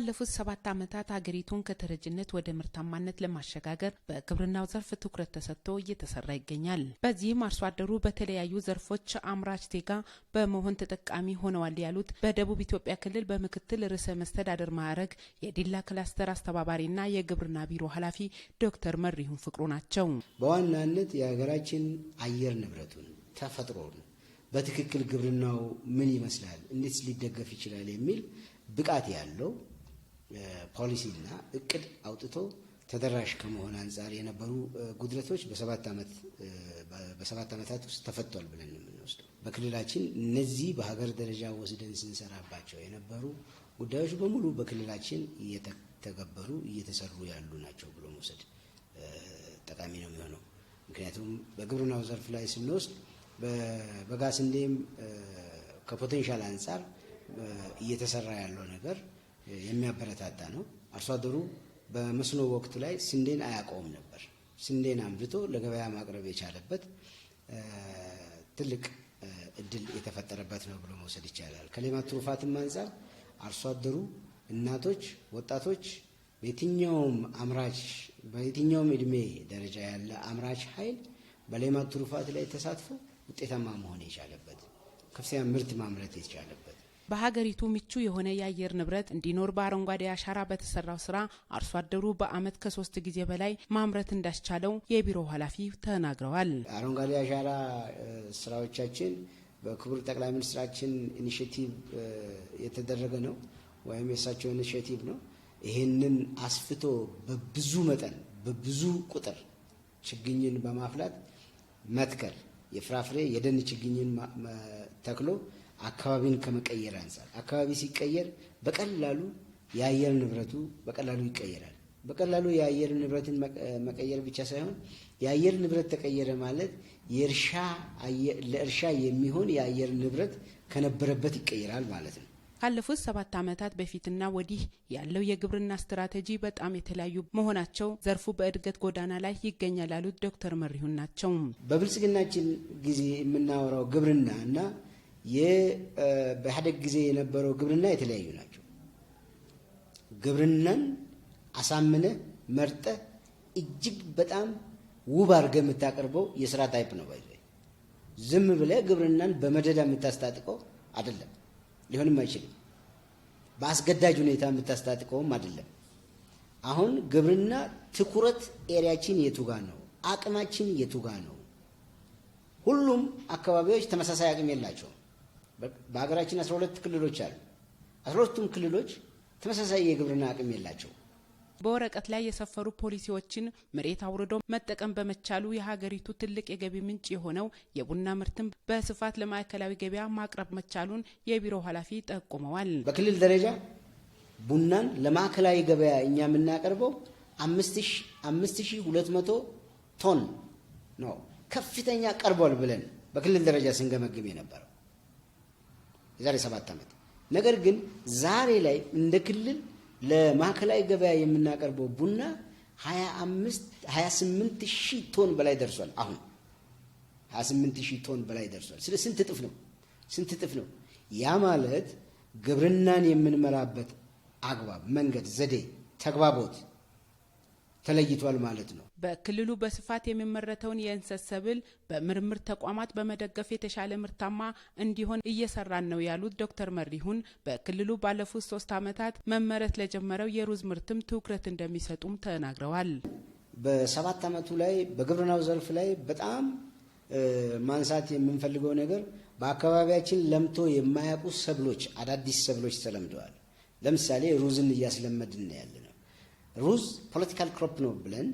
ባለፉት ሰባት ዓመታት ሀገሪቱን ከተረጅነት ወደ ምርታማነት ለማሸጋገር በግብርናው ዘርፍ ትኩረት ተሰጥቶ እየተሰራ ይገኛል። በዚህም አርሶ አደሩ በተለያዩ ዘርፎች አምራች ዜጋ በመሆን ተጠቃሚ ሆነዋል ያሉት በደቡብ ኢትዮጵያ ክልል በምክትል ርዕሰ መስተዳደር ማዕረግ የዲላ ክላስተር አስተባባሪና የግብርና ቢሮ ኃላፊ ዶክተር መሪሁን ፍቅሩ ናቸው። በዋናነት የሀገራችን አየር ንብረቱን ተፈጥሮን በትክክል ግብርናው ምን ይመስላል፣ እንዴት ሊደገፍ ይችላል የሚል ብቃት ያለው ፖሊሲና እቅድ አውጥቶ ተደራሽ ከመሆን አንጻር የነበሩ ጉድለቶች በሰባት ዓመታት ውስጥ ተፈቷል ብለን የምንወስደው። በክልላችን እነዚህ በሀገር ደረጃ ወስደን ስንሰራባቸው የነበሩ ጉዳዮች በሙሉ በክልላችን እየተገበሩ እየተሰሩ ያሉ ናቸው ብሎ መውሰድ ጠቃሚ ነው የሚሆነው። ምክንያቱም በግብርናው ዘርፍ ላይ ስንወስድ በጋ ስንዴም ከፖቴንሻል አንጻር እየተሰራ ያለው ነገር የሚያበረታታ ነው። አርሶ አደሩ በመስኖ ወቅት ላይ ስንዴን አያውቀውም ነበር። ስንዴን አምርቶ ለገበያ ማቅረብ የቻለበት ትልቅ እድል የተፈጠረበት ነው ብሎ መውሰድ ይቻላል። ከሌማት ትሩፋትም አንጻር አርሶ አደሩ፣ እናቶች፣ ወጣቶች በየትኛውም አምራች በየትኛውም እድሜ ደረጃ ያለ አምራች ኃይል በሌማት ትሩፋት ላይ ተሳትፎ ውጤታማ መሆን የቻለበት ከፍተኛ ምርት ማምረት የቻለበት በሀገሪቱ ምቹ የሆነ የአየር ንብረት እንዲኖር በአረንጓዴ አሻራ በተሰራው ስራ አርሶ አደሩ በአመት ከሶስት ጊዜ በላይ ማምረት እንዳስቻለው የቢሮው ኃላፊ ተናግረዋል። አረንጓዴ አሻራ ስራዎቻችን በክቡር ጠቅላይ ሚኒስትራችን ኢኒሽቲቭ የተደረገ ነው ወይም የእሳቸው ኢኒሽቲቭ ነው። ይህንን አስፍቶ በብዙ መጠን በብዙ ቁጥር ችግኝን በማፍላት መትከል የፍራፍሬ የደን ችግኝን ተክሎ አካባቢን ከመቀየር አንጻር አካባቢ ሲቀየር በቀላሉ የአየር ንብረቱ በቀላሉ ይቀየራል። በቀላሉ የአየር ንብረትን መቀየር ብቻ ሳይሆን የአየር ንብረት ተቀየረ ማለት ለእርሻ የሚሆን የአየር ንብረት ከነበረበት ይቀየራል ማለት ነው። ካለፉት ሰባት ዓመታት በፊትና ወዲህ ያለው የግብርና ስትራቴጂ በጣም የተለያዩ መሆናቸው ዘርፉ በእድገት ጎዳና ላይ ይገኛል ያሉት ዶክተር መሪሁን ናቸው። በብልጽግናችን ጊዜ የምናወራው ግብርና እና በኢህአዴግ ጊዜ የነበረው ግብርና የተለያዩ ናቸው። ግብርናን አሳምነ መርጠ እጅግ በጣም ውብ አድርገ የምታቀርበው የስራ ታይፕ ነው። ባይዘ ዝም ብለ ግብርናን በመደዳ የምታስታጥቀው አይደለም፣ ሊሆንም አይችልም። በአስገዳጅ ሁኔታ የምታስታጥቀውም አይደለም። አሁን ግብርና ትኩረት ኤሪያችን የቱጋ ነው? አቅማችን የቱጋ ነው? ሁሉም አካባቢዎች ተመሳሳይ አቅም የላቸውም። በሀገራችን አስራ ሁለት ክልሎች አሉ። አስራ ሁለቱም ክልሎች ተመሳሳይ የግብርና አቅም የላቸው። በወረቀት ላይ የሰፈሩ ፖሊሲዎችን መሬት አውርዶ መጠቀም በመቻሉ የሀገሪቱ ትልቅ የገቢ ምንጭ የሆነው የቡና ምርትን በስፋት ለማዕከላዊ ገበያ ማቅረብ መቻሉን የቢሮው ኃላፊ ጠቁመዋል። በክልል ደረጃ ቡናን ለማዕከላዊ ገበያ እኛ የምናቀርበው አምስት ሺ ሁለት መቶ ቶን ነው። ከፍተኛ ቀርቧል ብለን በክልል ደረጃ ስንገመግም የነበረው የዛሬ ሰባት ዓመት። ነገር ግን ዛሬ ላይ እንደ ክልል ለማዕከላዊ ገበያ የምናቀርበው ቡና 28 ሺህ ቶን በላይ ደርሷል። አሁን 28 ሺህ ቶን በላይ ደርሷል። ስለ ስንት እጥፍ ነው? ስንት እጥፍ ነው? ያ ማለት ግብርናን የምንመራበት አግባብ፣ መንገድ፣ ዘዴ፣ ተግባቦት ተለይቷል ማለት ነው። በክልሉ በስፋት የሚመረተውን የእንሰት ሰብል በምርምር ተቋማት በመደገፍ የተሻለ ምርታማ እንዲሆን እየሰራን ነው ያሉት ዶክተር መሪሁን በክልሉ ባለፉት ሶስት ዓመታት መመረት ለጀመረው የሩዝ ምርትም ትኩረት እንደሚሰጡም ተናግረዋል። በሰባት ዓመቱ ላይ በግብርናው ዘርፍ ላይ በጣም ማንሳት የምንፈልገው ነገር በአካባቢያችን ለምቶ የማያውቁ ሰብሎች፣ አዳዲስ ሰብሎች ተለምደዋል። ለምሳሌ ሩዝን እያስለመድን ያለ ነው። ሩዝ ፖለቲካል ክሮፕ ነው ብለን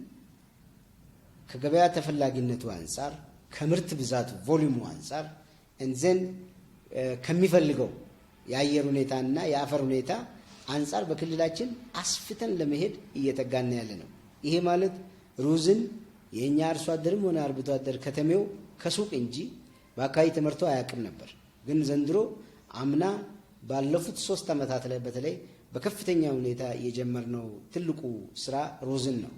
ከገበያ ተፈላጊነቱ አንጻር ከምርት ብዛቱ ቮሊሙ አንጻር እንዘን uh, ከሚፈልገው የአየር ሁኔታና የአፈር ሁኔታ አንጻር በክልላችን አስፍተን ለመሄድ እየተጋና ያለ ነው። ይሄ ማለት ሩዝን የእኛ አርሶ አደርም ሆነ አርብቶ አደር ከተሜው ከሱቅ እንጂ በአካባቢ ተመርቶ አያውቅም ነበር። ግን ዘንድሮ አምና ባለፉት ሶስት ዓመታት ላይ በተለይ በከፍተኛ ሁኔታ የጀመርነው ትልቁ ስራ ሩዝን ነው።